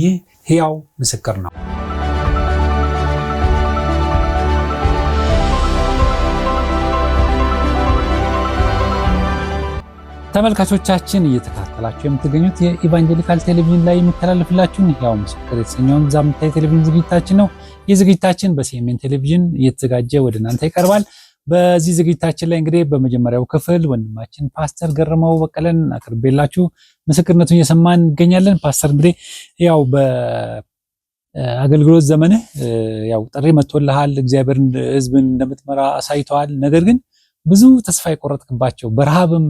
ይህ ሕያው ምስክር ነው። ተመልካቾቻችን እየተከታተላችሁ የምትገኙት የኢቫንጀሊካል ቴሌቪዥን ላይ የሚተላለፍላችሁን ሕያው ምስክር የተሰኘውን ዛምታይ ቴሌቪዥን ዝግጅታችን ነው። ይህ ዝግጅታችን በሴሜን ቴሌቪዥን እየተዘጋጀ ወደ እናንተ ይቀርባል። በዚህ ዝግጅታችን ላይ እንግዲህ በመጀመሪያው ክፍል ወንድማችን ፓስተር ገረመው በቀለን አቅርቤላችሁ ምስክርነቱን እየሰማን እንገኛለን። ፓስተር እንግዲህ ያው በአገልግሎት ዘመንህ ያው ጥሪ መጥቶልሃል፣ እግዚአብሔርን ህዝብን እንደምትመራ አሳይተዋል። ነገር ግን ብዙ ተስፋ የቆረጥክባቸው በረሃብም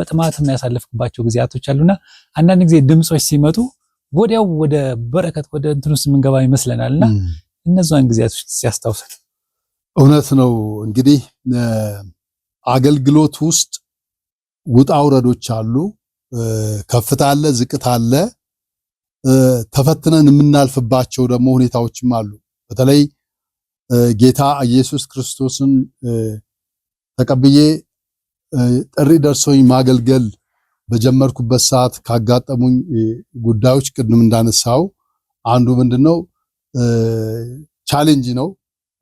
በጥማትም ያሳለፍክባቸው ጊዜያቶች አሉና አንዳንድ ጊዜ ድምፆች ሲመጡ ወዲያው ወደ በረከት ወደ ውስጥ የምንገባ ይመስለናልና እነዛን ጊዜያቶች ሲያስታውሳል እውነት ነው እንግዲህ አገልግሎት ውስጥ ውጣ ውረዶች አሉ። ከፍታ አለ፣ ዝቅታ አለ። ተፈትነን የምናልፍባቸው ደግሞ ሁኔታዎችም አሉ። በተለይ ጌታ ኢየሱስ ክርስቶስን ተቀብዬ ጥሪ ደርሶኝ ማገልገል በጀመርኩበት ሰዓት ካጋጠሙኝ ጉዳዮች ቅድም እንዳነሳው አንዱ ምንድነው ቻሌንጅ ነው።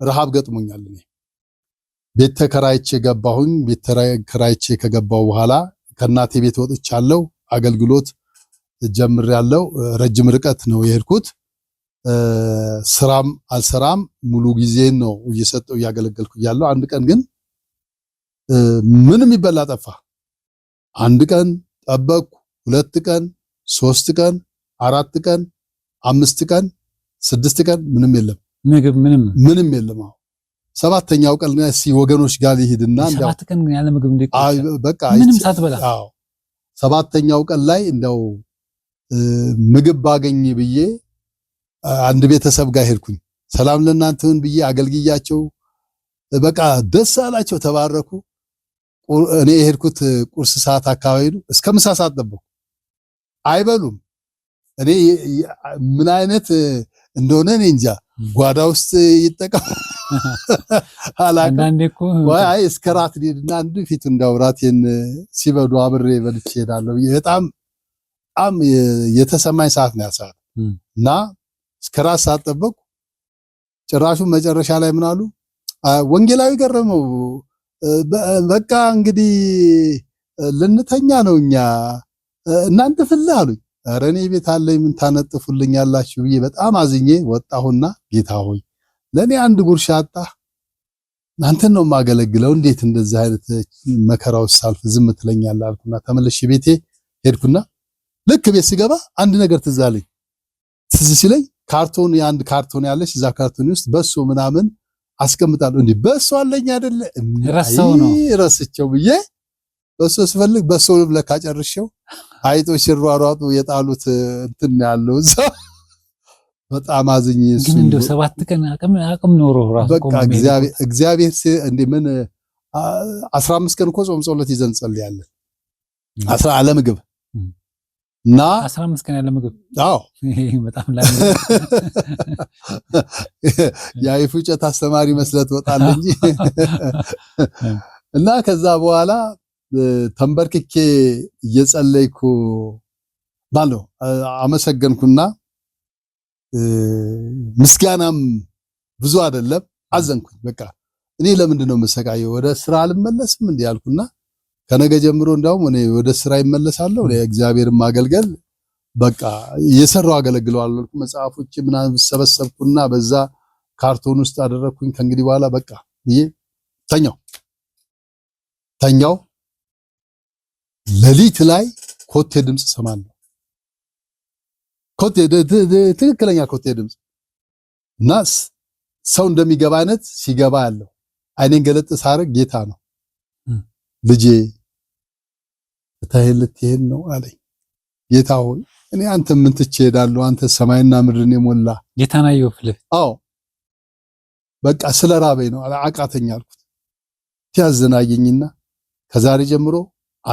ረሃብ ገጥሞኛል። እኔ ቤት ተከራይቼ ገባሁኝ። ቤት ተከራይቼ ከገባሁ በኋላ ከእናቴ ቤት ወጥቻለሁ። አገልግሎት ጀምሬያለሁ። ረጅም ርቀት ነው የሄድኩት። ስራም አልሰራም ሙሉ ጊዜን ነው እየሰጠው እያገለገልኩ እያለሁ አንድ ቀን ግን ምን የሚበላ ጠፋ። አንድ ቀን ጠበቅኩ፣ ሁለት ቀን፣ ሶስት ቀን፣ አራት ቀን፣ አምስት ቀን፣ ስድስት ቀን ምንም የለም። ምግብ ምንም ምንም የለም። አሁን ሰባተኛው ቀን እስኪ ወገኖች ጋር ይሄድና ሰባት ቀን ግን ያለ ምግብ እንዴት? አይ በቃ ምንም ሳትበላ አዎ ሰባተኛው ቀን ላይ እንደው ምግብ ባገኝ ብዬ አንድ ቤተሰብ ጋር ሄድኩኝ። ሰላም ለእናንተን ብዬ አገልግያቸው በቃ ደስ አላቸው፣ ተባረኩ። እኔ የሄድኩት ቁርስ ሰዓት አካባቢ ነው። እስከ ምሳ ሰዓት ጠበኩ፣ አይበሉም። እኔ ምን አይነት እንደሆነ እኔ እንጃ ጓዳ ውስጥ ይጠቀም አላውቅም። አይ እስከ ራት ሊድና አንዱ ፊቱ እንዳውራት ራቴን ሲበዱ አብሬ በልቼ እሄዳለሁ። በጣም በጣም የተሰማኝ ሰዓት ነው ያሰዓት እና እስከ ራት ሳጠበቁ ጭራሹ መጨረሻ ላይ ምናሉ ወንጌላዊ ገረመው፣ በቃ እንግዲህ ልንተኛ ነው እኛ እናንተ ፍልህ አሉኝ። ኧረ እኔ ቤት አለኝ ምን ያላችሁ ብዬ በጣም አዝኜ ወጣሁና ጌታ ሆይ ለእኔ አንድ ጉርሻ አጣ አንተን ነው የማገለግለው እንዴት እንደዚህ አይነት መከራ ሳልፍ ዝም ትለኛለህ አልኩና ተመለሽ ቤቴ ሄድኩና ልክ ቤት ስገባ አንድ ነገር ትዝ አለኝ ትዝ ሲለኝ ካርቶን የአንድ ካርቶን ያለች እዛ ካርቶን ውስጥ በሶ ምናምን አስቀምጣለሁ እንዴ በሶ አለኝ አይደለ ረሰው ነው ረስቸው ብዬ በሶ ስፈልግ በሶ ለካ ጨርሼው አይጦች ሲሯሯጡ የጣሉት እንትን ያለው እዛ በጣም አዝኝ። እሱ እንደው ሰባት ቀን አቅም አቅም ኖሮ ራሱ በቃ እግዚአብሔር እንደ ምን አስራ አምስት ቀን እኮ ጾም ጸሎት ይዘን ጸልያለን። አስራ አለ ምግብ እና አምስት ቀን ያለ ምግብ አዎ፣ በጣም የአይፉጨት አስተማሪ መስለት ወጣል እንጂ እና ከዛ በኋላ ተንበርክኬ እየጸለይኩ ባለው አመሰገንኩና ምስጋናም ብዙ አይደለም አዘንኩኝ። በቃ እኔ ለምንድን ነው የምሰቃየው? ወደ ስራ አልመለስም እንዲህ አልኩና ከነገ ጀምሮ እንዳውም እኔ ወደ ስራ ይመለሳለሁ ለእግዚአብሔር ማገልገል በቃ እየሰራው አገለግለዋለሁ አልኩ። መጽሐፎች ምናምን ሰበሰብኩና በዛ ካርቶን ውስጥ አደረግኩኝ። ከእንግዲህ በኋላ በቃ ብዬ ተኛው ተኛው። ሌሊት ላይ ኮቴ ድምፅ ሰማለሁ። ኮቴ ትክክለኛ ኮቴ ድምፅ እና ሰው እንደሚገባ አይነት ሲገባ ያለው አይኔን ገለጥ ሳረግ ጌታ ነው። ልጄ ትተኸኝ ልትሄድ ነው አለኝ። ጌታ ሆይ እኔ አንተ ምን ትቼ እሄዳለሁ? አንተ ሰማይና ምድርን የሞላ ጌታ ነው ፍልህ አዎ በቃ ስለ ራበኝ ነው አቃተኛ አልኩት። ያዘናየኝና ከዛሬ ጀምሮ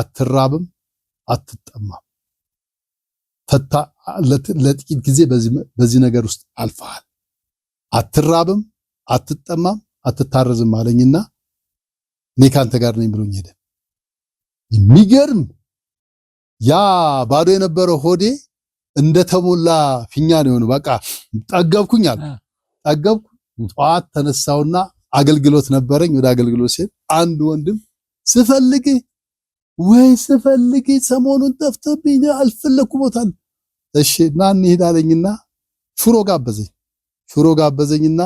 አትራብም፣ አትጠማም። ፈታ ለጥቂት ጊዜ በዚህ ነገር ውስጥ አልፈሃል። አትራብም፣ አትጠማም፣ አትታረዝም አለኝና እኔ ካንተ ጋር ነኝ ብሎኝ ሄደ። የሚገርም ያ ባዶ የነበረው ሆዴ እንደተሞላ ፊኛ ነው የሆነ በቃ ጠገብኩኝ አለ። ጠገብኩ። ጠዋት ተነሳውና አገልግሎት ነበረኝ። ወደ አገልግሎት ሲሄድ አንድ ወንድም ስፈልግህ ወይ ስፈልግ ሰሞኑን ጠፍተብኝ አልፈለኩ ቦታ እሺ ና እንሂድ አለኝና ሽሮ ጋበዘኝ። ሽሮ ጋበዘኝና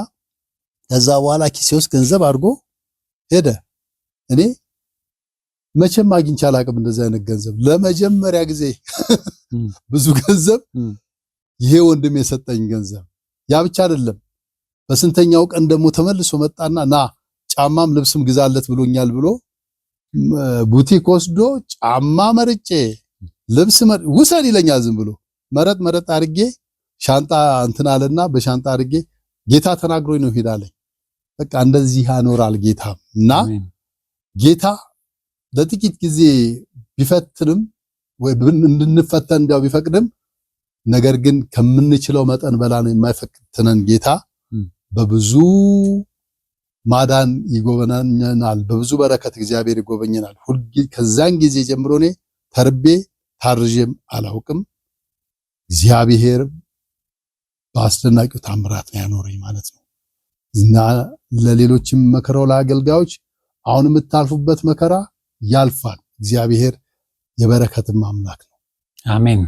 ከዛ በኋላ ኪሴ ውስጥ ገንዘብ አድርጎ ሄደ። እኔ መቼም አግኝቼ አላቅም እንደዚህ አይነት ገንዘብ ለመጀመሪያ ጊዜ ብዙ ገንዘብ ይሄ ወንድም የሰጠኝ ገንዘብ። ያ ብቻ አይደለም፣ በስንተኛው ቀን ደግሞ ተመልሶ መጣና ና ጫማም ልብስም ግዛለት ብሎኛል ብሎ ቡቲክ ወስዶ ጫማ መርጬ ልብስ ውሰድ ይለኛል። ዝም ብሎ መረጥ መረጥ አድርጌ ሻንጣ እንትን አለና በሻንጣ አድርጌ ጌታ ተናግሮኝ ነው ሄዳለኝ። በቃ እንደዚህ ያኖራል ጌታ እና ጌታ ለጥቂት ጊዜ ቢፈትንም ወይ እንድንፈተን እንዲያው ቢፈቅድም ነገር ግን ከምንችለው መጠን በላ ነው የማይፈትነን ጌታ በብዙ ማዳን ይጎበኘናል በብዙ በረከት እግዚአብሔር ይጎበኘናል። ከዛን ጊዜ ጀምሮ እኔ ተርቤ ታርዤም አላውቅም። እግዚአብሔር በአስደናቂው ታምራት ነው ያኖረኝ ማለት ነው እና ለሌሎችም መከራው ለአገልጋዮች አሁን የምታልፉበት መከራ ያልፋል። እግዚአብሔር የበረከትም አምላክ ነው። አሜን።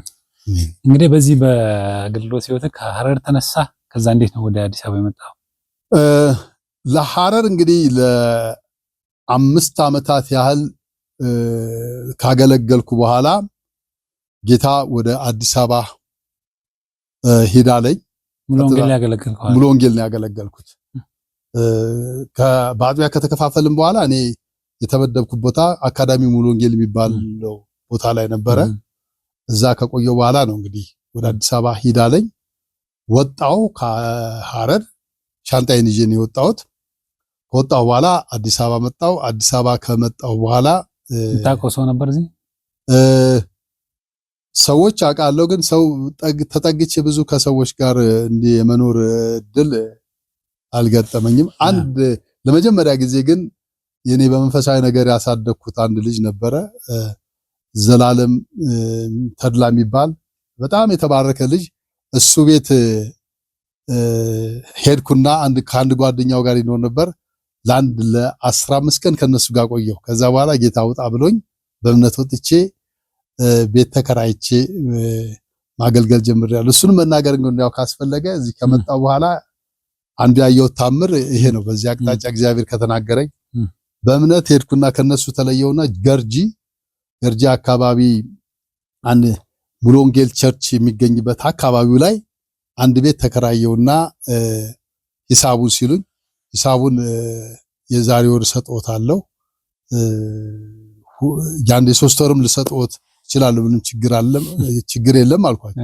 እንግዲህ በዚህ በአገልግሎት ህይወት ከሐረር ተነሳ። ከዛ እንዴት ነው ወደ አዲስ አበባ የመጣው? ለሐረር እንግዲህ ለአምስት ዓመታት ያህል ካገለገልኩ በኋላ ጌታ ወደ አዲስ አበባ ላይ ሙሉ ወንጌል ነው ያገለገልኩት። በአጥቢያ ከተከፋፈልን በኋላ እኔ የተመደብኩ ቦታ አካዳሚ ሙሉ ወንጌል የሚባለው ቦታ ላይ ነበረ። እዛ ከቆየው በኋላ ነው እንግዲህ ወደ አዲስ አበባ ሂዳለኝ። ወጣው ከሐረር ሻንጣይን ይዤ ነው የወጣሁት። ከወጣሁ በኋላ አዲስ አበባ መጣሁ። አዲስ አበባ ከመጣሁ በኋላ ታውቀው ሰው ነበር እዚህ ሰዎች አውቃለሁ፣ ግን ሰው ተጠግቼ ብዙ ከሰዎች ጋር እንዲህ የመኖር እድል አልገጠመኝም። አንድ ለመጀመሪያ ጊዜ ግን የኔ በመንፈሳዊ ነገር ያሳደግኩት አንድ ልጅ ነበረ፣ ዘላለም ተድላ የሚባል በጣም የተባረከ ልጅ። እሱ ቤት ሄድኩና አንድ ከአንድ ጓደኛው ጋር ይኖር ነበር። ለአንድ ለአስራ አምስት ቀን ከነሱ ጋር ቆየሁ። ከዛ በኋላ ጌታ ውጣ ብሎኝ በእምነት ወጥቼ ቤት ተከራይቼ ማገልገል ጀምሬያለሁ። እሱንም መናገር ያው ካስፈለገ እዚህ ከመጣ በኋላ አንዱ ያየሁት ታምር ይሄ ነው። በዚህ አቅጣጫ እግዚአብሔር ከተናገረኝ በእምነት ሄድኩና ከነሱ ተለየውና ገርጂ ገርጂ አካባቢ አንድ ሙሉ ወንጌል ቸርች የሚገኝበት አካባቢው ላይ አንድ ቤት ተከራየውና ሂሳቡ ሲሉኝ ሂሳቡን የዛሬ ወር ሰጥዎት አለው የአንድ የሶስት ወርም ልሰጥዎት ይችላል። ምንም ችግር አለም ችግር የለም አልኳቸው።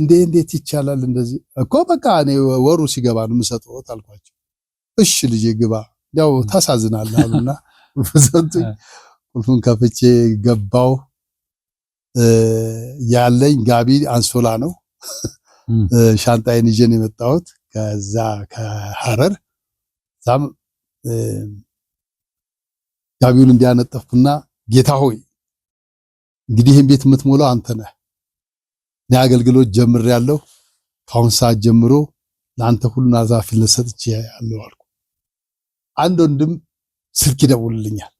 እንዴ እንዴት ይቻላል እንደዚህ እኮ በቃ እኔ ወሩ ሲገባ ነው የምሰጥዎት አልኳቸው። እሺ ልጄ ግባ ያው ታሳዝናለህ አሉና ሰጡኝ። ቁልፉን ከፍቼ ገባው። ያለኝ ጋቢ አንሶላ ነው። ሻንጣዬን ይዤ ነው የመጣሁት ከዛ ከሐረር ዛም ጋቢውን እንዲያነጠፍኩና ጌታ ሆይ እንግዲህ ይህን ቤት የምትሞላው አንተ ነህ። እኔ አገልግሎት ያለሁ ከአሁን ሰዓት ጀምሮ ለአንተ ሁሉን አዛፊነት ሰጥቼ ያለው አልኩ። አንድ ወንድም ስልክ ይደውልልኛል።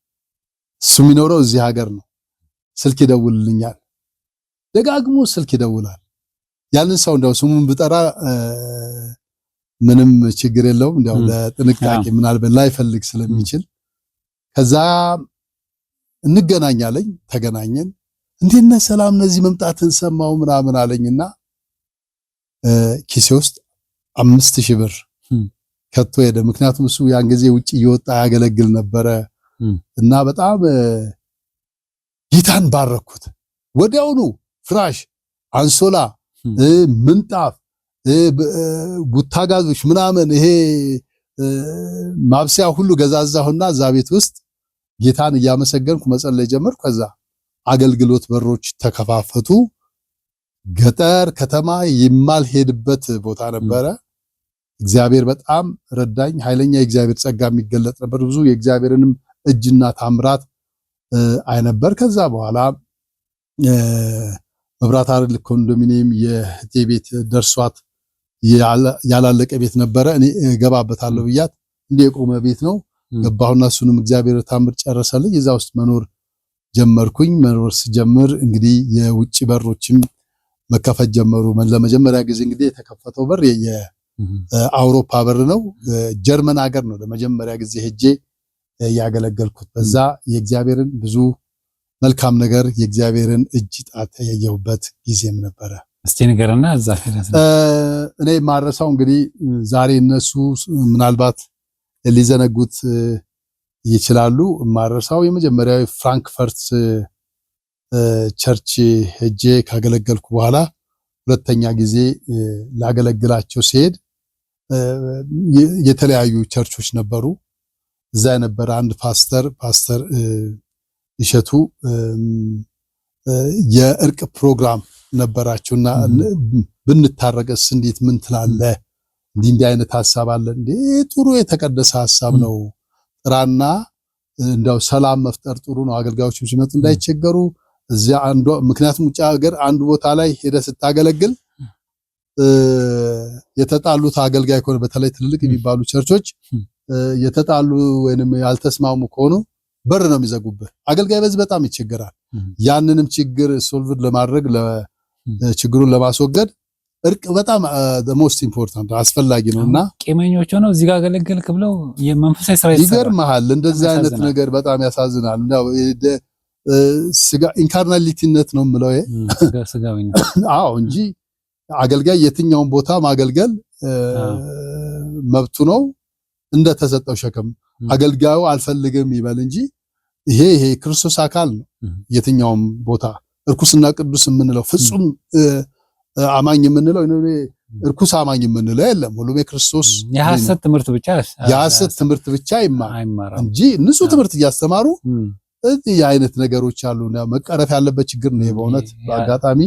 እሱ የሚኖረው እዚህ ሀገር ነው። ስልክ ይደውልልኛል፣ ደጋግሞ ስልክ ይደውላል። ያንን ሰው እንደው ስሙን ብጠራ ምንም ችግር የለውም። እንዲያው ለጥንቃቄ ምናልባት ላይፈልግ ስለሚችል ከዛ እንገናኛለኝ። ተገናኘን። እንዴት ነህ? ሰላም ነዚህ መምጣትን ሰማው ምናምን አለኝና ኪሴ ውስጥ አምስት ሺህ ብር ከቶ ሄደ። ምክንያቱም እሱ ያን ጊዜ ውጭ እየወጣ ያገለግል ነበረ እና በጣም ጌታን ባረኩት። ወዲያውኑ ፍራሽ፣ አንሶላ፣ ምንጣፍ ጉታጋዞች ምናምን ይሄ ማብሰያ ሁሉ ገዛዛሁና እዛ ቤት ውስጥ ጌታን እያመሰገንኩ መጸለይ ጀመርኩ። ከዛ አገልግሎት በሮች ተከፋፈቱ። ገጠር ከተማ የማልሄድበት ቦታ ነበረ። እግዚአብሔር በጣም ረዳኝ። ኃይለኛ የእግዚአብሔር ጸጋ የሚገለጥ ነበር። ብዙ የእግዚአብሔርንም እጅና ታምራት አይነበር። ከዛ በኋላ መብራት አረል ኮንዶሚኒየም የህቴ ቤት ደርሷት ያላለቀ ቤት ነበረ። እኔ ገባበታለሁ ብያት እንደ የቆመ ቤት ነው ገባሁና እሱንም እግዚአብሔር ታምር ጨረሰልኝ። እዛ ውስጥ መኖር ጀመርኩኝ። መኖር ስጀምር እንግዲህ የውጭ በሮችም መከፈት ጀመሩ። ለመጀመሪያ ጊዜ እንግዲህ የተከፈተው በር የአውሮፓ በር ነው። ጀርመን ሀገር ነው ለመጀመሪያ ጊዜ ሄጄ ያገለገልኩት። በዛ የእግዚአብሔርን ብዙ መልካም ነገር የእግዚአብሔርን እጅ ጣት ያየሁበት ጊዜም ነበረ። እስቲ ንገርና እዛ እኔ ማረሳው እንግዲህ ዛሬ እነሱ ምናልባት ሊዘነጉት ይችላሉ። ማረሳው የመጀመሪያው ፍራንክፈርት ቸርች ሄጄ ካገለገልኩ በኋላ ሁለተኛ ጊዜ ላገለግላቸው ሲሄድ የተለያዩ ቸርቾች ነበሩ። እዛ የነበረ አንድ ፓስተር ፓስተር እሸቱ የእርቅ ፕሮግራም ነበራችሁና ብንታረቀስ እንዴት ምን ትላለህ? እንዲህ እንዲህ አይነት ሐሳብ አለ እንዴ? ጥሩ የተቀደሰ ሐሳብ ነው። ጥራና እንደው ሰላም መፍጠር ጥሩ ነው። አገልጋዮችም ሲመጡ እንዳይቸገሩ እዚያ አንዱ ምክንያቱም ውጭ ሀገር አንዱ ቦታ ላይ ሄደ ስታገለግል የተጣሉት አገልጋይ ከሆነ በተለይ ትልልቅ የሚባሉ ቸርቾች የተጣሉ ወይንም ያልተስማሙ ከሆኑ በር ነው የሚዘጉብህ። አገልጋይ በዚህ በጣም ይቸገራል። ያንንም ችግር ሶልቭድ ለማድረግ ችግሩን ለማስወገድ እርቅ በጣም ሞስት ኢምፖርታንት አስፈላጊ ነው እና ቄመኞች ሆነው እዚህ ጋር አገለገልክ ብለው የመንፈሳዊ ስራ ይገርመሃል። እንደዚህ አይነት ነገር በጣም ያሳዝናል። ስጋ ኢንካርናሊቲነት ነው የምለው አዎ፣ እንጂ አገልጋይ የትኛውን ቦታ ማገልገል መብቱ ነው እንደተሰጠው ሸክም። አገልጋዩ አልፈልግም ይበል እንጂ ይሄ ይሄ ክርስቶስ አካል ነው የትኛውም ቦታ እርኩስና ቅዱስ የምንለው ፍጹም አማኝ የምንለው እርኩስ አማኝ የምንለው የለም። ሁሉም የክርስቶስ የሐሰት ትምህርት ብቻ የሐሰት ትምህርት ብቻ ይማር እንጂ ንጹህ ትምህርት እያስተማሩ እዚህ የአይነት ነገሮች አሉ። መቀረፍ ያለበት ችግር ነው። በእውነት በአጋጣሚ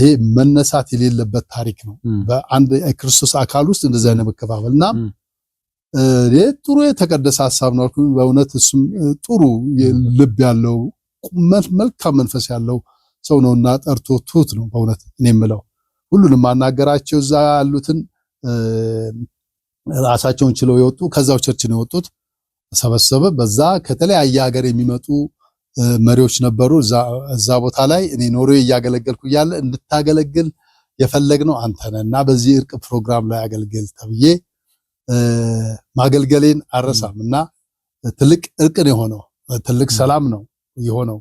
ይሄ መነሳት የሌለበት ታሪክ ነው። በአንድ የክርስቶስ አካል ውስጥ እንደዚህ አይነት መከፋፈል እና ጥሩ የተቀደሰ ሀሳብ ነው። በእውነት እሱም ጥሩ ልብ ያለው መልካም መንፈስ ያለው ሰው ነውና ጠርቶ ትሁት ነው። በእውነት እኔ የምለው ሁሉንም ማናገራቸው እዛ ያሉትን ራሳቸውን ችለው የወጡ ከዛው ቸርች ነው የወጡት ሰበሰበ በዛ ከተለያየ ሀገር የሚመጡ መሪዎች ነበሩ። እዛ ቦታ ላይ እኔ ኖሮ እያገለገልኩ እያለ እንድታገለግል የፈለግነው አንተነ እና በዚህ እርቅ ፕሮግራም ላይ አገልግል ተብዬ ማገልገሌን አረሳም እና ትልቅ እርቅን የሆነው። ትልቅ ሰላም ነው የሆነው።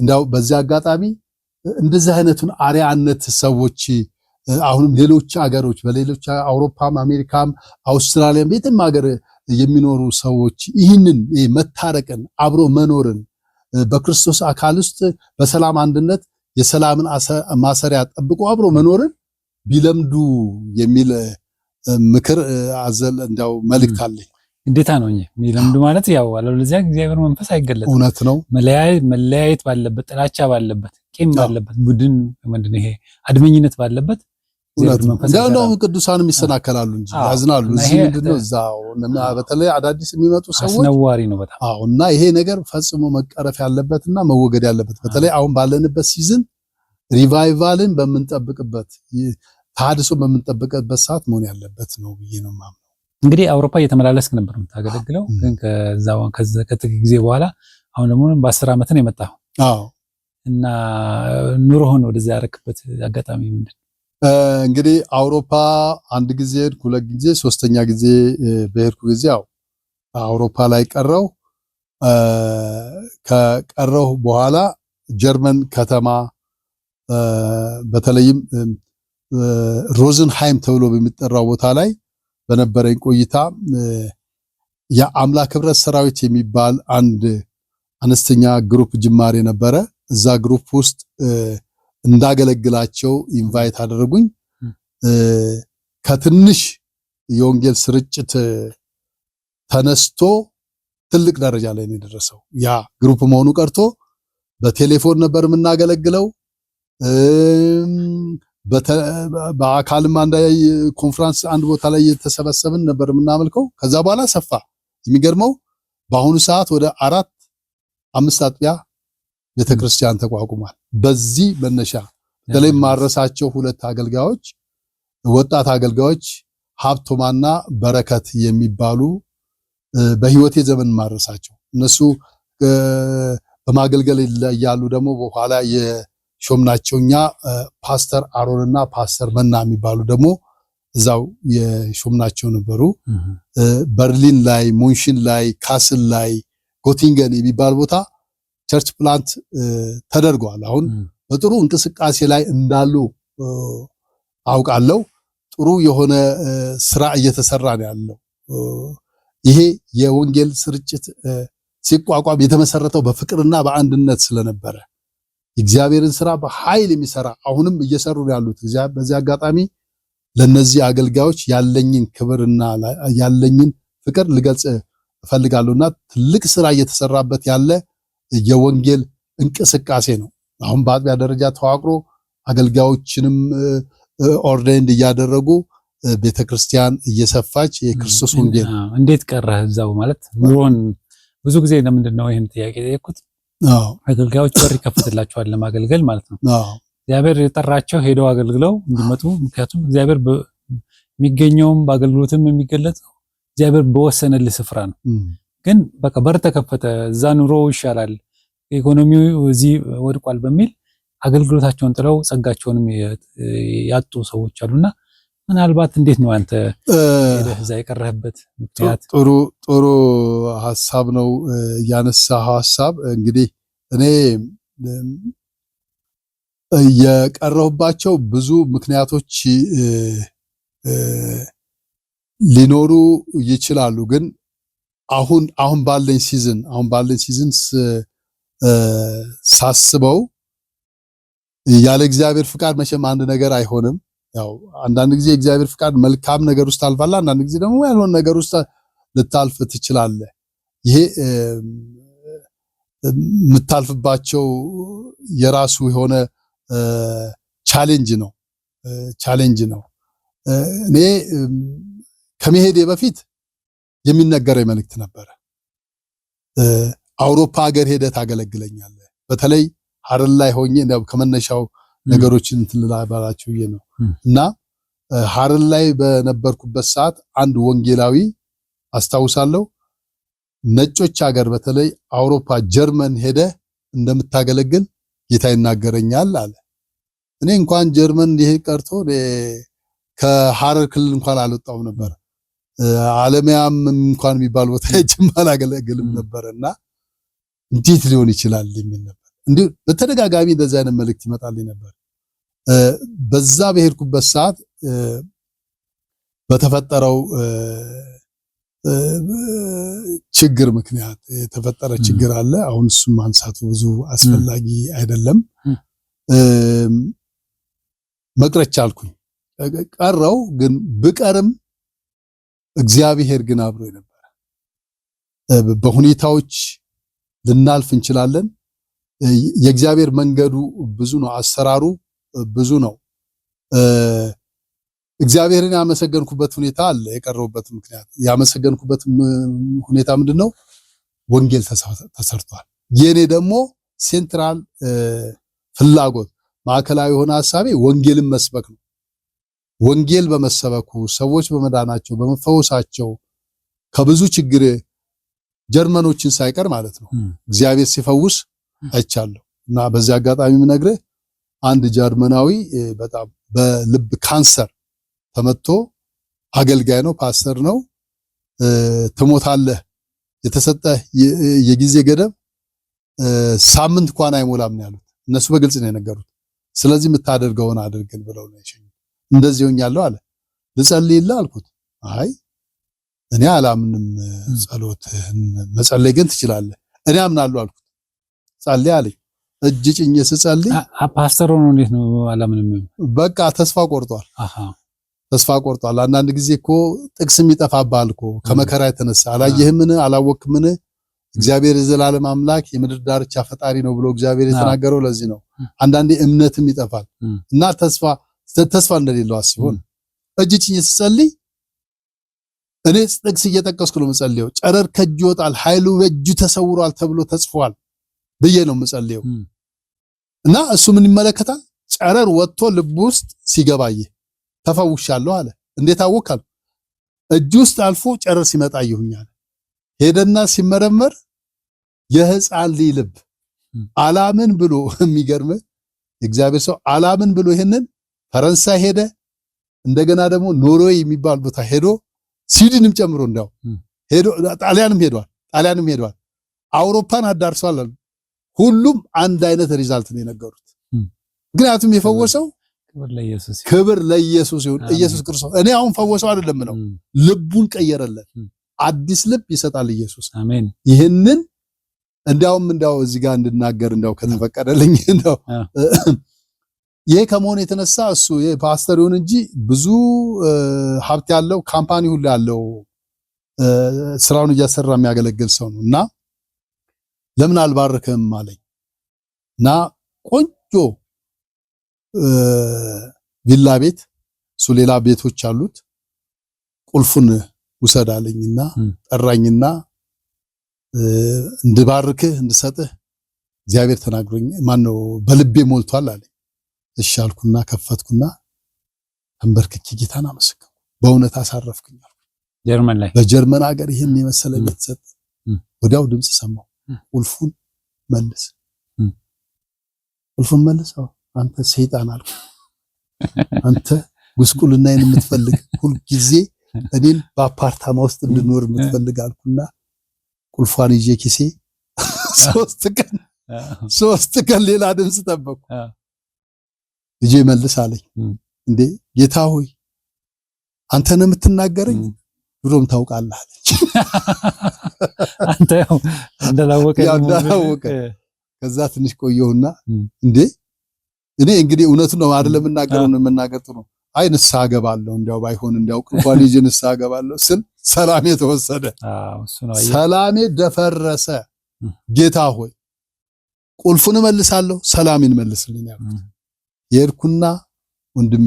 እንዲያው በዚህ አጋጣሚ እንደዚህ አይነቱን አሪያነት ሰዎች አሁንም ሌሎች ሀገሮች በሌሎች አውሮፓም፣ አሜሪካም፣ አውስትራሊያም የትም ሀገር የሚኖሩ ሰዎች ይህንን መታረቅን አብሮ መኖርን በክርስቶስ አካል ውስጥ በሰላም አንድነት የሰላምን ማሰሪያ ጠብቆ አብሮ መኖርን ቢለምዱ የሚል ምክር አዘል እንዲያው መልእክት አለኝ። ግዴታ ነው እ የሚለምዱ ማለት ያው አለበለዚያ እግዚአብሔር መንፈስ አይገለጽም። እውነት ነው። መለያየት ባለበት፣ ጥላቻ ባለበት፣ ቂም ባለበት፣ ቡድን ምንድን ይሄ አድመኝነት ባለበት እንደውም ቅዱሳንም ይሰናከላሉ እንጂ ያዝናሉ። እዚህ ምንድን ነው እዛ በተለይ አዳዲስ የሚመጡ ሰዎች አስነዋሪ ነው በጣም አዎ። እና ይሄ ነገር ፈጽሞ መቀረፍ ያለበትና መወገድ ያለበት በተለይ አሁን ባለንበት ሲዝን ሪቫይቫልን በምንጠብቅበት ታድሶ በምንጠብቅበት ሰዓት መሆን ያለበት ነው ብዬ ነው የማምነው። እንግዲህ አውሮፓ እየተመላለስክ ነበር የምታገለግለው፣ ግን ከጥቂት ጊዜ በኋላ አሁን ደግሞ በአስር ዓመትን የመጣው እና ኑሮህን ወደዚያ ያረክበት አጋጣሚ ምንድን? እንግዲህ አውሮፓ አንድ ጊዜ ሄድኩ፣ ሁለት ጊዜ፣ ሶስተኛ ጊዜ በሄድኩ ጊዜ ያው አውሮፓ ላይ ቀረው። ከቀረው በኋላ ጀርመን ከተማ በተለይም ሮዝንሃይም ተብሎ በሚጠራው ቦታ ላይ በነበረኝ ቆይታ የአምላክ ህብረት ሰራዊት የሚባል አንድ አነስተኛ ግሩፕ ጅማሬ ነበረ። እዛ ግሩፕ ውስጥ እንዳገለግላቸው ኢንቫይት አደረጉኝ። ከትንሽ የወንጌል ስርጭት ተነስቶ ትልቅ ደረጃ ላይ ነው የደረሰው። ያ ግሩፕ መሆኑ ቀርቶ በቴሌፎን ነበር የምናገለግለው። በአካልም አንድ ኮንፍራንስ አንድ ቦታ ላይ እየተሰበሰብን ነበር የምናመልከው። ከዛ በኋላ ሰፋ። የሚገርመው በአሁኑ ሰዓት ወደ አራት አምስት አጥቢያ ቤተክርስቲያን ተቋቁሟል። በዚህ መነሻ በተለይ ማረሳቸው ሁለት አገልጋዮች ወጣት አገልጋዮች ሀብቶማና በረከት የሚባሉ በህይወቴ ዘመን ማረሳቸው እነሱ በማገልገል ላይ ያሉ ደግሞ በኋላ ሾም ናቸው። እኛ ፓስተር አሮን እና ፓስተር መና የሚባሉ ደግሞ እዛው የሾም ናቸው ነበሩ። በርሊን ላይ፣ ሞንሽን ላይ፣ ካስል ላይ፣ ጎቲንገን የሚባል ቦታ ቸርች ፕላንት ተደርገዋል። አሁን በጥሩ እንቅስቃሴ ላይ እንዳሉ አውቃለሁ። ጥሩ የሆነ ስራ እየተሰራ ነው ያለው። ይሄ የወንጌል ስርጭት ሲቋቋም የተመሰረተው በፍቅርና በአንድነት ስለነበረ የእግዚአብሔርን ስራ በኃይል የሚሰራ አሁንም እየሰሩ ያሉት በዚህ አጋጣሚ ለነዚህ አገልጋዮች ያለኝን ክብርና ያለኝን ፍቅር ልገልጽ እፈልጋለሁና ትልቅ ስራ እየተሰራበት ያለ የወንጌል እንቅስቃሴ ነው። አሁን በአጥቢያ ደረጃ ተዋቅሮ አገልጋዮችንም ኦርዴንድ እያደረጉ ቤተክርስቲያን እየሰፋች የክርስቶስ ወንጌል እንዴት ቀረህ እዛው ማለት ኑሮን ብዙ ጊዜ ለምንድን ነው ይህን ጥያቄ የጠየኩት? አገልጋዮች በር ይከፍትላቸዋል ለማገልገል ማለት ነው። እግዚአብሔር የጠራቸው ሄደው አገልግለው እንዲመጡ። ምክንያቱም እግዚአብሔር የሚገኘውም በአገልግሎትም የሚገለጸው እግዚአብሔር በወሰነልህ ስፍራ ነው። ግን በቃ በር ተከፈተ፣ እዛ ኑሮ ይሻላል፣ ኢኮኖሚው እዚህ ወድቋል በሚል አገልግሎታቸውን ጥለው ጸጋቸውንም ያጡ ሰዎች አሉና ምናልባት እንዴት ነው አንተ እዛ የቀረህበት ምክንያት? ጥሩ ጥሩ ሀሳብ ነው ያነሳኸው ሀሳብ። እንግዲህ እኔ የቀረሁባቸው ብዙ ምክንያቶች ሊኖሩ ይችላሉ። ግን አሁን አሁን ባለኝ ሲዝን አሁን ባለኝ ሲዝን ሳስበው ያለ እግዚአብሔር ፍቃድ መቼም አንድ ነገር አይሆንም። ያው አንዳንድ ጊዜ እግዚአብሔር ፍቃድ መልካም ነገር ውስጥ ታልፋለህ፣ አንዳንድ ጊዜ ደግሞ ያልሆነ ነገር ውስጥ ልታልፍ ትችላለ ይሄ የምታልፍባቸው የራሱ የሆነ ቻሌንጅ ነው ቻሌንጅ ነው። እኔ ከመሄዴ በፊት የሚነገረኝ መልእክት ነበረ። አውሮፓ ሀገር ሄደህ ታገለግለኛለህ። በተለይ ሀረር ላይ ሆኜ ከመነሻው ነገሮችን ትልላባላችሁ ይሄ ነው እና ሀረር ላይ በነበርኩበት ሰዓት አንድ ወንጌላዊ አስታውሳለሁ። ነጮች ሀገር በተለይ አውሮፓ ጀርመን ሄደ እንደምታገለግል ጌታ ይናገረኛል አለ። እኔ እንኳን ጀርመን ይሄ ቀርቶ ከሀረር ክልል እንኳን አልወጣሁም ነበር። አለሚያም እንኳን የሚባል ቦታ ጅም አላገለግልም ነበርና እንዴት ሊሆን ይችላል የሚል ነበር። እንዲሁ በተደጋጋሚ እንደዚህ አይነት መልእክት ይመጣልኝ ነበር። በዛ በሄድኩበት ሰዓት በተፈጠረው ችግር ምክንያት የተፈጠረ ችግር አለ። አሁን እሱም ማንሳቱ ብዙ አስፈላጊ አይደለም። መቅረቻ አልኩኝ ቀረው። ግን ብቀርም እግዚአብሔር ግን አብሮ ነበረ። በሁኔታዎች ልናልፍ እንችላለን። የእግዚአብሔር መንገዱ ብዙ ነው፣ አሰራሩ ብዙ ነው። እግዚአብሔርን ያመሰገንኩበት ሁኔታ አለ። የቀረውበት ምክንያት ያመሰገንኩበት ሁኔታ ምንድን ነው? ወንጌል ተሰርቷል። የኔ ደግሞ ሴንትራል ፍላጎት ማዕከላዊ የሆነ ሀሳቤ ወንጌልን መስበክ ነው። ወንጌል በመሰበኩ ሰዎች በመዳናቸው በመፈወሳቸው ከብዙ ችግር ጀርመኖችን ሳይቀር ማለት ነው እግዚአብሔር ሲፈውስ አይቻለሁ እና በዚህ አጋጣሚ ምነግርህ አንድ ጀርመናዊ በጣም በልብ ካንሰር ተመቶ አገልጋይ ነው፣ ፓስተር ነው። ትሞታለህ፣ የተሰጠህ የጊዜ ገደብ ሳምንት እንኳን አይሞላም ነው ያሉት። እነሱ በግልጽ ነው የነገሩት። ስለዚህ የምታደርገውን አድርግን ብለው ነው የሸኙት። እንደዚህ ሆኛለሁ አለ። ልጸልይልህ አልኩት። አይ እኔ አላምንም ጸሎት፣ መጸለይ ግን ትችላለህ። እኔ አምናለሁ አልኩት። ጸልይ አለኝ። እጅ ጭኜ ስጸልይ ፓስተር ሆኖ እንዴት ነው አላምንም። በቃ ተስፋ ቆርጧል፣ ተስፋ ቆርጧል። አንዳንድ ጊዜ እኮ ጥቅስም ይጠፋብሃል እኮ ከመከራ የተነሳ አላየህምን፣ አላወቅምን? እግዚአብሔር የዘላለም አምላክ የምድር ዳርቻ ፈጣሪ ነው ብሎ እግዚአብሔር የተናገረው ለዚህ ነው። አንዳንዴ እምነትም ይጠፋል እና ተስፋ ተስፋ እንደሌለው አስቦን እጅ ጭኜ ስጸልይ እኔ ጥቅስ እየጠቀስኩ ነው የምጸልየው። ጨረር ከእጁ ይወጣል ኃይሉ በእጁ ተሰውሯል ተብሎ ተጽፏል። ብዬ ነው የምጸልየው። እና እሱ ምን ይመለከታል? ጨረር ወጥቶ ልብ ውስጥ ሲገባየ ተፈውሻለሁ አለ። እንዴት አወቅ እጅ ውስጥ አልፎ ጨረር ሲመጣ ይሁኛል። ሄደና ሲመረመር የህፃን ልጅ ልብ አላምን ብሎ የሚገርም እግዚአብሔር ሰው አላምን ብሎ ይሄንን ፈረንሳይ ሄደ። እንደገና ደግሞ ኖርዌይ የሚባል ቦታ ሄዶ ስዊድንም ጨምሮ እንዳው ሄዶ ጣሊያንም ሄዷል። ጣሊያንም ሄዷል። አውሮፓን አዳርሷል። ሁሉም አንድ አይነት ሪዛልት ነው የነገሩት። ምክንያቱም የፈወሰው ክብር ለኢየሱስ ይሁን ኢየሱስ ክርስቶስ። እኔ አሁን ፈወሰው አይደለም ነው፣ ልቡን ቀየረለን። አዲስ ልብ ይሰጣል ኢየሱስ። ይህንን እንዲያውም እንዲያው እዚህ ጋር እንድናገር እንዲያው ከተፈቀደልኝ ነው ይሄ ከመሆኑ የተነሳ እሱ ፓስተር ይሁን እንጂ ብዙ ሀብት ያለው ካምፓኒ ሁሉ ያለው ስራውን እያሰራ የሚያገለግል ሰው ነው እና ለምን አልባረከም አለኝ እና ቆንጆ ቪላ ቤት እሱ ሌላ ቤቶች አሉት። ቁልፉን ውሰድ አለኝና ጠራኝና እንድባርክህ እንድሰጥህ እግዚአብሔር ተናግሮኝ ነው በልቤ ሞልቷል አለኝ። እሺ አልኩና ከፈትኩና ተንበርክኬ ጌታን አመሰግንኩ። በእውነት አሳረፍክኝ ጀርመን ላይ በጀርመን ሀገር ይህን የመሰለ ቤት ሰጥ ወዲያው ድምፅ ሰማሁ። ቁልፉን መልስ፣ ቁልፉን መልስ። አንተ ሰይጣን አልኩ፣ አንተ ጉስቁልናዬን የምትፈልግ ሁልጊዜ እኔን በአፓርታማ ውስጥ እንድኖር የምትፈልግ አልኩና ቁልፏን ይዤ ኪሴ ሶስት ቀን ሶስት ቀን ሌላ ድምፅ ጠበኩ። ልጄ መልስ አለኝ። እንዴ ጌታ ሆይ አንተ ነው የምትናገረኝ? ድሮም ታውቃለህ አለች። አንተ ያው እንዳላወቀ ከዛ ትንሽ ቆየሁና እንዴ እኔ እንግዲህ እውነቱ ነው አይደለም የምናገረው የምናገር ጥሩ አይ ንስሓ እገባለሁ እንዲያው ባይሆን እንዲያው እንኳን ልጅ ንስሓ እገባለሁ ስል ሰላሜ ተወሰደ፣ ሰላሜ ደፈረሰ። ጌታ ሆይ ቁልፉን እመልሳለሁ፣ ሰላሜን መልስልኝ ያልኩት የሄድኩና ወንድሜ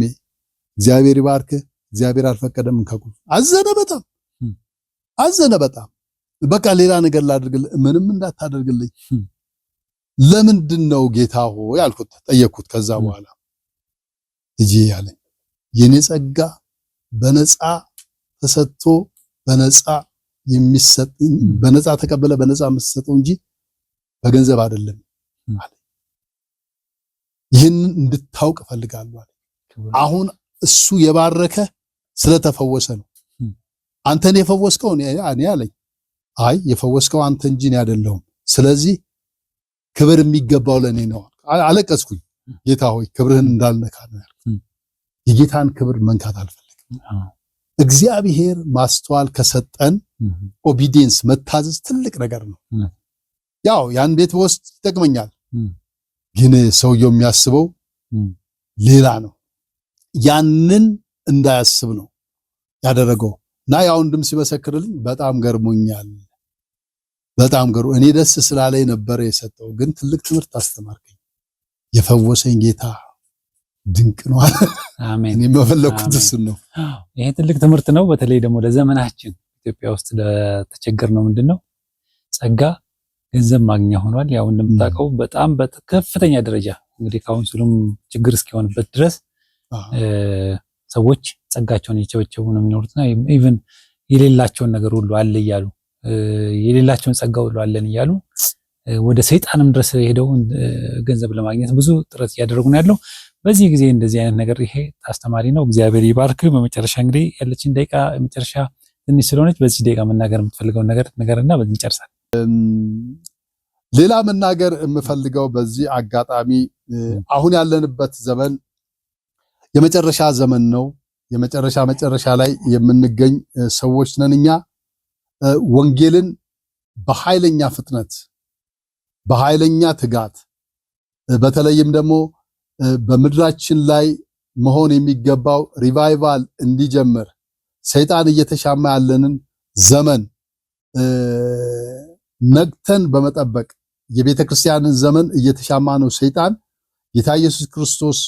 እግዚአብሔር ይባርክህ እግዚአብሔር አልፈቀደም። እንካቁ አዘነ፣ በጣም አዘነ፣ በጣም በቃ ሌላ ነገር ላድርግልህ፣ ምንም እንዳታደርግልኝ። ለምንድን ነው ጌታ ሆይ አልኩት፣ ጠየቅኩት። ከዛ በኋላ ልጄ ያለኝ የኔ ጸጋ በነፃ ተሰጥቶ በነፃ የሚሰጥ በነፃ ተቀበለ በነፃ የምትሰጠው እንጂ በገንዘብ አይደለም አለ። ይህንን እንድታውቅ እፈልጋለሁ አለ። አሁን እሱ የባረከ ስለተፈወሰ ነው። አንተን የፈወስከው እኔ አለኝ። አይ የፈወስከው አንተ እንጂ እኔ አይደለሁም። ስለዚህ ክብር የሚገባው ለእኔ ነው። አለቀስኩኝ። ጌታ ሆይ ክብርህን እንዳልነካ ነው የጌታን ክብር መንካት አልፈልግም። እግዚአብሔር ማስተዋል ከሰጠን ኦቢዲየንስ መታዘዝ ትልቅ ነገር ነው። ያው ያን ቤት በውስጥ ይጠቅመኛል፣ ግን ሰውየው የሚያስበው ሌላ ነው። ያንን እንዳያስብ ነው ያደረገው እና ያው ወንድም ሲመሰክርልኝ በጣም ገርሞኛል። በጣም ገርሞ እኔ ደስ ስላለኝ ነበረ የሰጠው፣ ግን ትልቅ ትምህርት አስተማርከኝ። የፈወሰኝ ጌታ ድንቅ ነው አለ። አሜን። እኔ መፈለኩት እሱን ነው። ይሄ ትልቅ ትምህርት ነው። በተለይ ደግሞ ለዘመናችን ኢትዮጵያ ውስጥ ለተቸገር ነው ምንድን ነው ጸጋ ገንዘብ ማግኛ ሆኗል። ያው እንደምታውቀው በጣም በከፍተኛ ደረጃ እንግዲህ ካውንስሉም ችግር እስኪሆንበት ድረስ ሰዎች ጸጋቸውን እየቸበቸቡ ነው የሚኖሩትና ኢቭን የሌላቸውን ነገር ሁሉ አለ እያሉ የሌላቸውን ጸጋ ሁሉ አለን እያሉ ወደ ሰይጣንም ድረስ ሄደው ገንዘብ ለማግኘት ብዙ ጥረት እያደረጉ ነው ያለው። በዚህ ጊዜ እንደዚህ አይነት ነገር ይሄ አስተማሪ ነው። እግዚአብሔር ይባርክ። በመጨረሻ እንግዲህ ያለችን ደቂቃ መጨረሻ ትንሽ ስለሆነች በዚህ ደቂቃ መናገር የምትፈልገውን ነገር ነገርና በዚህ ይጨርሳል። ሌላ መናገር የምፈልገው በዚህ አጋጣሚ አሁን ያለንበት ዘመን የመጨረሻ ዘመን ነው። የመጨረሻ መጨረሻ ላይ የምንገኝ ሰዎች ነን እኛ። ወንጌልን በኃይለኛ ፍጥነት በኃይለኛ ትጋት በተለይም ደግሞ በምድራችን ላይ መሆን የሚገባው ሪቫይቫል እንዲጀምር ሰይጣን እየተሻማ ያለንን ዘመን ነግተን በመጠበቅ የቤተ ክርስቲያንን ዘመን እየተሻማ ነው ሰይጣን ጌታ ኢየሱስ ክርስቶስ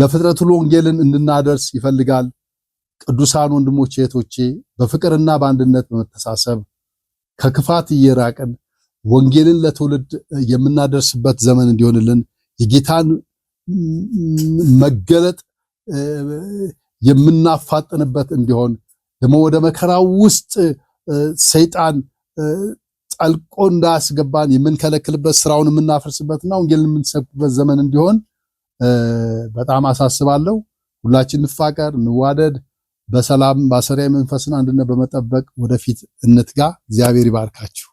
ለፍጥረት ሁሉ ወንጌልን እንድናደርስ ይፈልጋል። ቅዱሳን ወንድሞቼ እህቶቼ፣ በፍቅርና በአንድነት በመተሳሰብ ከክፋት እየራቅን ወንጌልን ለትውልድ የምናደርስበት ዘመን እንዲሆንልን የጌታን መገለጥ የምናፋጥንበት እንዲሆን ደግሞ ወደ መከራው ውስጥ ሰይጣን ጠልቆ እንዳያስገባን የምንከለክልበት ስራውን የምናፈርስበትና ወንጌልን የምንሰብክበት ዘመን እንዲሆን በጣም አሳስባለሁ። ሁላችን እንፋቀር፣ እንዋደድ፣ በሰላም በአሰሪያ መንፈስን አንድነት በመጠበቅ ወደፊት እንትጋ። እግዚአብሔር ይባርካችሁ።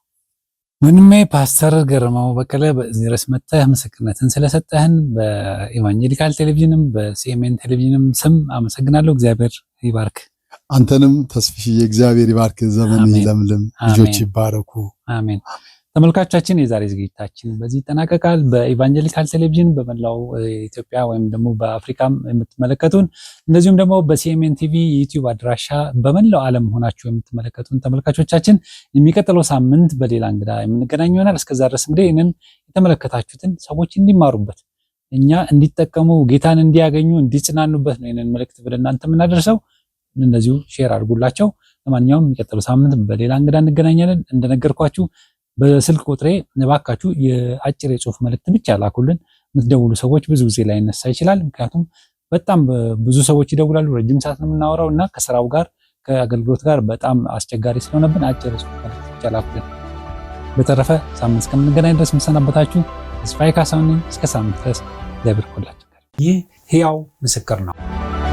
ወንድሜ ፓስተር ገርማው በቀለ በዚህ ድረስ መጥተህ ምስክርነትን ስለሰጠህን በኢቫንጀሊካል ቴሌቪዥንም በሲኤምኤን ቴሌቪዥንም ስም አመሰግናለሁ። እግዚአብሔር ይባርክ። አንተንም ተስፍሽዬ እግዚአብሔር ይባርክ። ዘመን ይለምልም። ልጆች ይባረኩ። አሜን። ተመልካቾቻችን የዛሬ ዝግጅታችን በዚህ ይጠናቀቃል። በኢቫንጀሊካል ቴሌቪዥን በመላው ኢትዮጵያ ወይም ደግሞ በአፍሪካም የምትመለከቱን እንደዚሁም ደግሞ በሲኤምኤን ቲቪ የዩቲዩብ አድራሻ በመላው ዓለም ሆናችሁ የምትመለከቱን ተመልካቾቻችን የሚቀጥለው ሳምንት በሌላ እንግዳ የምንገናኝ ይሆናል። እስከዛ ድረስ እንግዲህ ይህንን የተመለከታችሁትን ሰዎች እንዲማሩበት እኛ እንዲጠቀሙ ጌታን እንዲያገኙ እንዲጽናኑበት ነው ይህንን መልእክት ብለን እናንተ የምናደርሰው። እንደዚሁ ሼር አድርጉላቸው። ለማንኛውም የሚቀጥለው ሳምንት በሌላ እንግዳ እንገናኛለን። እንደነገርኳችሁ በስልክ ቁጥሬ እባካችሁ የአጭር የጽሁፍ መልእክት ብቻ ላኩልን። የምትደውሉ ሰዎች ብዙ ጊዜ ላይነሳ ይችላል። ምክንያቱም በጣም ብዙ ሰዎች ይደውላሉ። ረጅም ሰዓት ነው የምናወራው እና ከስራው ጋር ከአገልግሎት ጋር በጣም አስቸጋሪ ስለሆነብን አጭር የጽሁፍ መልእክት ብቻ ላኩልን። በተረፈ ሳምንት እስከምንገናኝ ድረስ የምሰናበታችሁ ተስፋዬ ካሳሁን እስከ ሳምንት ድረስ ይህ ህያው ምስክር ነው።